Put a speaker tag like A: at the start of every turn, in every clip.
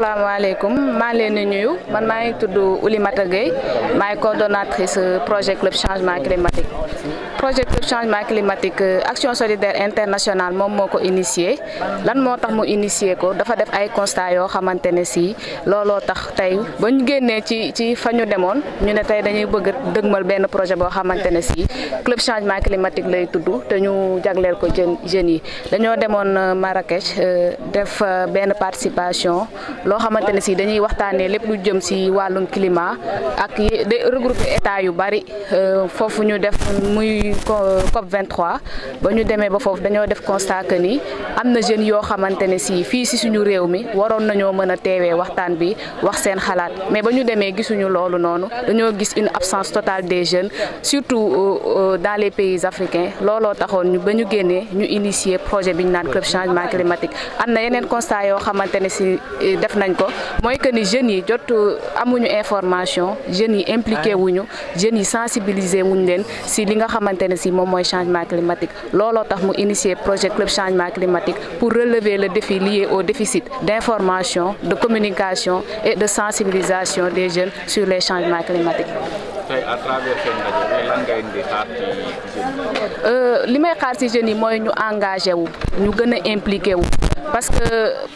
A: Assalamu maa ma leen di nuyu man maa ngi tudd Gueye maay coordonnatrice projet club changement climatique projecteur changement climatique euh, action solidaire internationale moom moo ko initié lan moo tax mu initié ko dafa def ay constat yoo xamante ne si looloo tax tey ba ñu génnee ci ci fa ñu demoon ñu ne tey dañuy bëgg dëgmal benn projet boo xamante ne si club changement climatique lay tudd te ñu jagleel ko jeunes jeunes yi dañoo demoon euh, Marrakech euh, def benn participation loo xamante ne si dañuy waxtaanee lépp lu jëm si wàllum climat ak regroupé état yu bari foofu du COP 23 ba ñu demee ba foofu dañoo def constat que ni am na jeunes yoo xamante ne si fii si suñu réew mi waroon nañoo mën a bi wax seen xalaat mais ba ñu demee gisuñu loolu noonu dañoo gis une absence totale des jeunes surtout euh, euh, dans les pays africains looloo taxoon ñu ba ñu génnee ñu initier projet bi ñu club changement climatique am na yeneen constat yoo xamante ne si euh, def nañ ko mooy que ni jeunes yi jot amuñu information jeunes yi impliqué wuñu jeunes yi sensibiliser wuñ leen si li nga xamante xamante ne si moom mooy changement climatique looloo tax mu initier projet club changement climatique pour relever le défi lié au déficit d'information de communication et de sensibilisation des jeunes sur les changements climatiques. Euh, li may xaar ci jeunes yi mooy ñu engagé wu ñu gën a impliqué wu parce que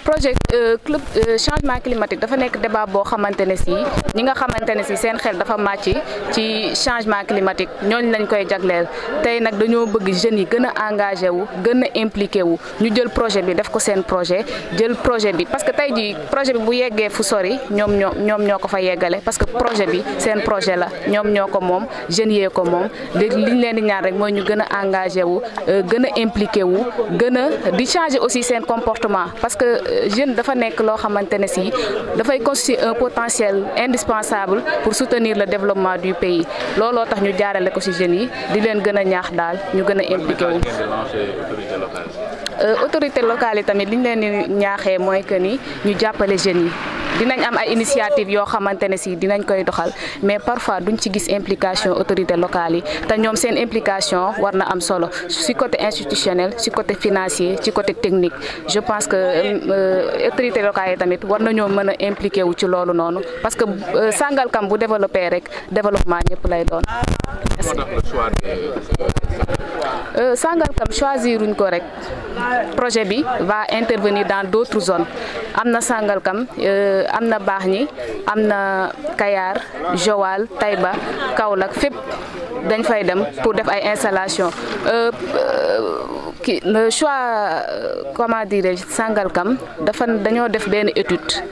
A: projet euh, club euh, changement climatique dafa nekk débat boo xamante ne si ñi nga xamante ne si seen xel dafa màcc ci changement climatique ñooñu lañ koy jagleel tay nak dañu bëgg jeune yi gëna engagé wu gëna impliqué wu ñu jël projet bi def ko seen projet jël projet bi parce que tay jii projet bi bu yeggee fu sori ñom ñom ñom ñoko fa yeggale parce que projet bi seen projet la ñom ñoko mom jeune yi ko mom liñ leen di ñaan rek mooy ñu gëna engagé wu euh, gëna impliqué wu gëna di changer aussi seen comportement parce que euh, jeune dafa nekk lo xamantene si da fay constituer un potentiel indispensable pour soutenir le développement du pays looloo tax ñu jaarale ko ci jeune yi di leen gën a ñaax daal ñu gën a impliqué wu euh, autorité locale yi tamit li ñu leen di ñaaxee mooy que ni ñu jàppale jeunes yi dinañ am ay initiative yo xamantene ci si dinañ koy doxal mais parfois duñ ci gis implication autorité locales yi ta ñom seen implication warna am solo ci côté institutionnel ci côté financier ci côté technique je pense que euh, autorités locales yi tamit warna ñoo mëna Parce impliqué wu ci lolu noonu parce que euh, Sangalkam bu développer, rek développement ñep lay doon. Euh, Sangalkam choisiruñ ko rek projet bi va intervenir dans d'autres zones Amna Sangalkam euh, amna Bahni, amna Kayar Joal Taiba, kaolak fep dañ fay dem pour def ay installation euh, ki le choix comment dire, Sangalkam dafa dañoo def ben étude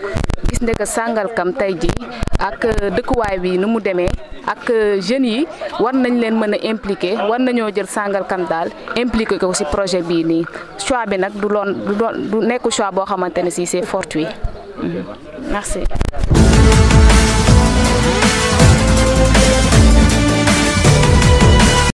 A: gis Sangalkam tay ji ak dëkkuwaay bi numu démé ak euh, jeunes yi war nañ leen mën a impliqué war nañoo jël Sangalkam daal impliqué ko ci projet bii nii choix bi nag du loon du doon du nekk choix boo xamante ne ci c'est yi mhm. merci.